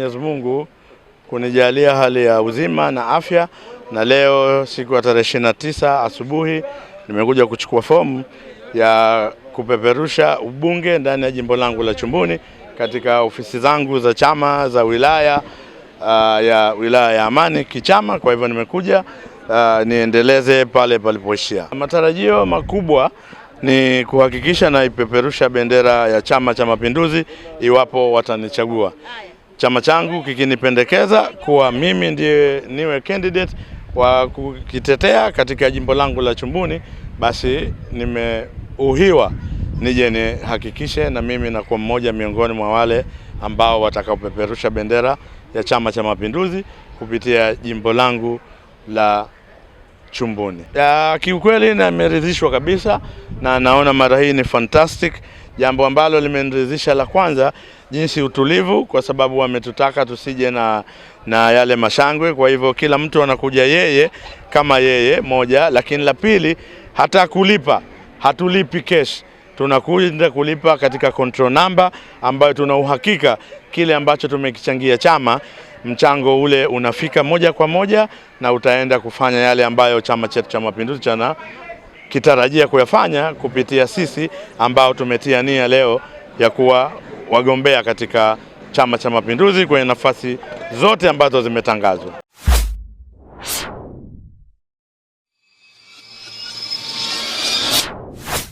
Mwenyezi Mungu kunijalia hali ya uzima na afya, na leo siku ya tarehe 29 tisa asubuhi nimekuja kuchukua fomu ya kupeperusha ubunge ndani ya jimbo langu la Chumbuni katika ofisi zangu za chama za wilaya uh, ya wilaya ya Amani kichama. Kwa hivyo nimekuja uh, niendeleze pale palipoishia. Matarajio makubwa ni kuhakikisha naipeperusha bendera ya Chama cha Mapinduzi iwapo watanichagua chama changu kikinipendekeza kuwa mimi ndiye niwe candidate wa kukitetea katika jimbo langu la Chumbuni, basi nimeuhiwa nije nihakikishe na mimi nakuwa mmoja miongoni mwa wale ambao watakaopeperusha bendera ya Chama cha Mapinduzi kupitia jimbo langu la Chumbuni. Kiukweli nimeridhishwa kabisa na naona mara hii ni fantastic jambo ambalo limeniridhisha la kwanza, jinsi utulivu, kwa sababu wametutaka tusije na, na yale mashangwe. Kwa hivyo kila mtu anakuja yeye kama yeye moja, lakini la pili, hata kulipa hatulipi cash tunakwenda kulipa katika control number ambayo tuna uhakika kile ambacho tumekichangia chama, mchango ule unafika moja kwa moja na utaenda kufanya yale ambayo chama chetu cha Mapinduzi chana kitarajia kuyafanya kupitia sisi ambao tumetia nia leo ya kuwa wagombea katika Chama cha Mapinduzi kwenye nafasi zote ambazo zimetangazwa.